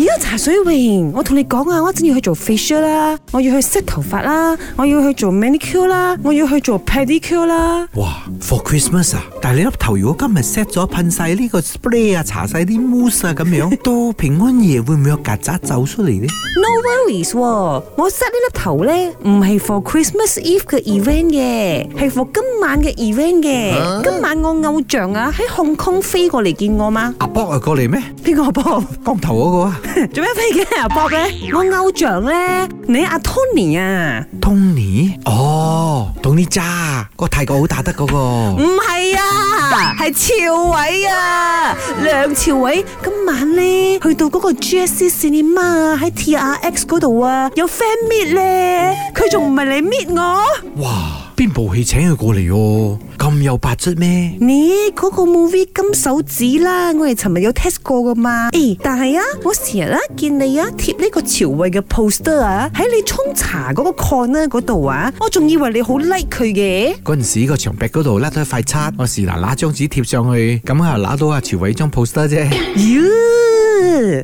而家茶水榮，我同你講啊，我一定要去做 facial 啦，我要去 set 頭髮啦，我要去做 manicure 啦，我要去做 pedicure 啦。哇，for Christmas 啊！但係你粒頭如果今日 set 咗噴晒呢個 spray 啊，搽晒啲 mousse 啊咁樣，到平安夜會唔會有曱甴走出嚟呢？ No worries，、哦、我 set 呢粒頭咧唔係 for Christmas Eve 嘅 event 嘅，係 for 今晚嘅 event 嘅。啊、今晚我偶像啊喺太空飛過嚟見我嘛？阿 Bob 嚟、啊、過嚟咩？邊個阿 Bob？ 光頭嗰個啊？做咩飛機嚟搏咧？我偶像咧，你阿、啊、Tony 啊？Tony？哦，Tony 渣，個泰國好打得嗰、那個？唔係 啊，係朝偉啊，梁朝偉今晚咧去到嗰個 GSC Cinema 喺 T R X 嗰度啊，有 friend meet 咧，佢仲唔係嚟 meet 我？哇邊部戲請佢過嚟哦？咁有品質咩？你嗰、嗰個 movie《金手指》啦，我哋尋日有 test 過噶嘛？咦、欸，但係啊，我成日啊見你啊貼呢個朝偉嘅 poster 啊喺你沖茶嗰個 corner 嗰度啊，我仲以為你好 like 佢嘅。嗰陣時個牆壁嗰度甩咗一塊漆，我時拿拿張紙貼上去，咁啊拿到阿朝偉張 poster 啫。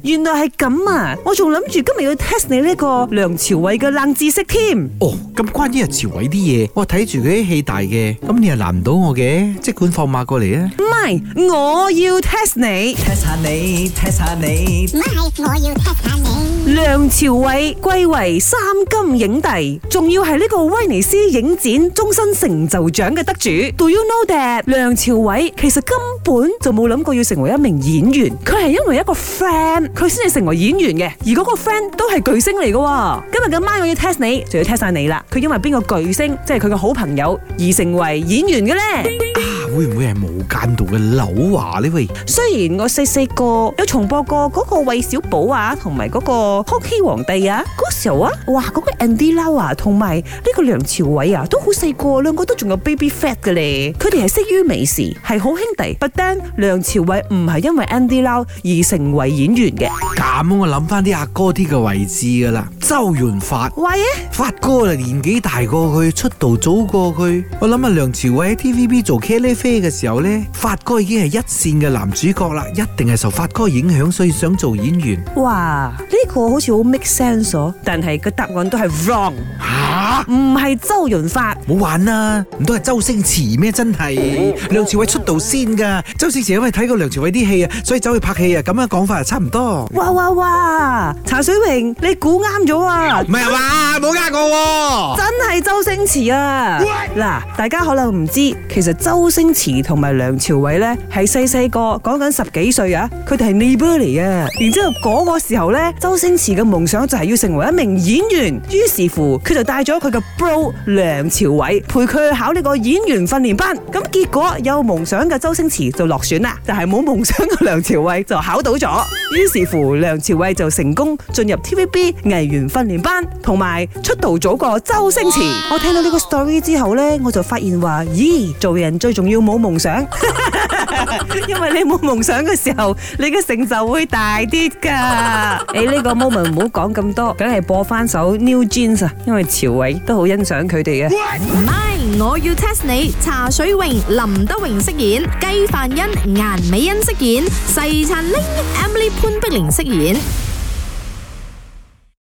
原來係咁啊！我仲諗住今日要 test 你呢個梁朝偉嘅冷知識添。哦，咁關於阿朝偉啲嘢，我睇住佢啲戲大嘅，咁你又難唔到我嘅？即管放馬過嚟啊！唔係，我要 test 你，test 下你，test 下你，唔係，我要 test 下你。下你，梁朝偉貴為三金影帝，仲要係呢個威尼斯影展終身成就獎嘅得主。Do you know that？梁朝偉其實根本就冇諗過要成為一名演員，佢係因為一個 friend。佢先至成為演員嘅，而嗰個 friend 都係巨星嚟嘅喎。今日咁晚我要 test 你，就要 test 晒你啦。佢因為邊個巨星，即係佢嘅好朋友，而成為演員嘅咧？叮叮叮叮叮會唔會係無間道嘅劉華呢位？雖然我細細個有重播過嗰個韋小寶啊，同埋嗰個康熙皇帝啊，嗰時候啊，哇嗰個 Andy Lau 啊，同埋呢個梁朝偉啊，都好細個，兩個都仲有 baby fat 嘅咧。佢哋係識於微時，係好兄弟。但梁朝偉唔係因為 Andy Lau 而成為演員嘅。咁我諗翻啲阿哥啲嘅位置噶啦，周潤發，why？發哥啊，年紀大過佢，出道早過佢。我諗啊，梁朝偉喺 TVB 做 Kelly。咩嘅時候咧，發哥已經係一線嘅男主角啦，一定係受發哥影響，所以想做演員。哇，呢、這個好似好 make sense，哦、但係個答案都係 wrong。吓、啊，唔係周潤發，唔好玩啦，唔都係周星馳咩？真係， 梁朝偉出道先噶，周星馳因為睇過梁朝偉啲戲啊，所以走去拍戲 啊，咁樣講法就差唔多。哇哇哇，茶水榮，你估啱咗啊？唔係啊嘛，唔好呃我。係周星馳啊！嗱， 大家可能唔知，其實周星馳同埋梁朝偉咧係細細個，講緊十幾歲啊，佢哋係 neighborly 啊。然之後個時候咧，周星馳嘅夢想就係要成為一名演員，於是乎佢就帶咗佢嘅 bro 梁朝偉陪佢去考呢個演員訓練班。咁、嗯、結果有夢想嘅周星馳就落選啦，但係冇夢想嘅梁朝偉就考到咗。於是乎，梁朝偉就成功進入 TVB 藝員訓練班，同埋出道早過周星馳。我聽到呢個 story 之後咧，我就發現話：咦，做人最重要冇夢想， 因為你冇夢想嘅時候，你嘅成就會大啲噶。誒，呢個 moment 唔好講 咁多，梗係播翻首 New Jeans 啊，因為朝偉都好欣賞佢哋嘅。唔係，我要 test 你，茶水榮、林德榮飾演，雞范欣、顏美欣飾演，細陳玲、Emily 潘碧玲飾演。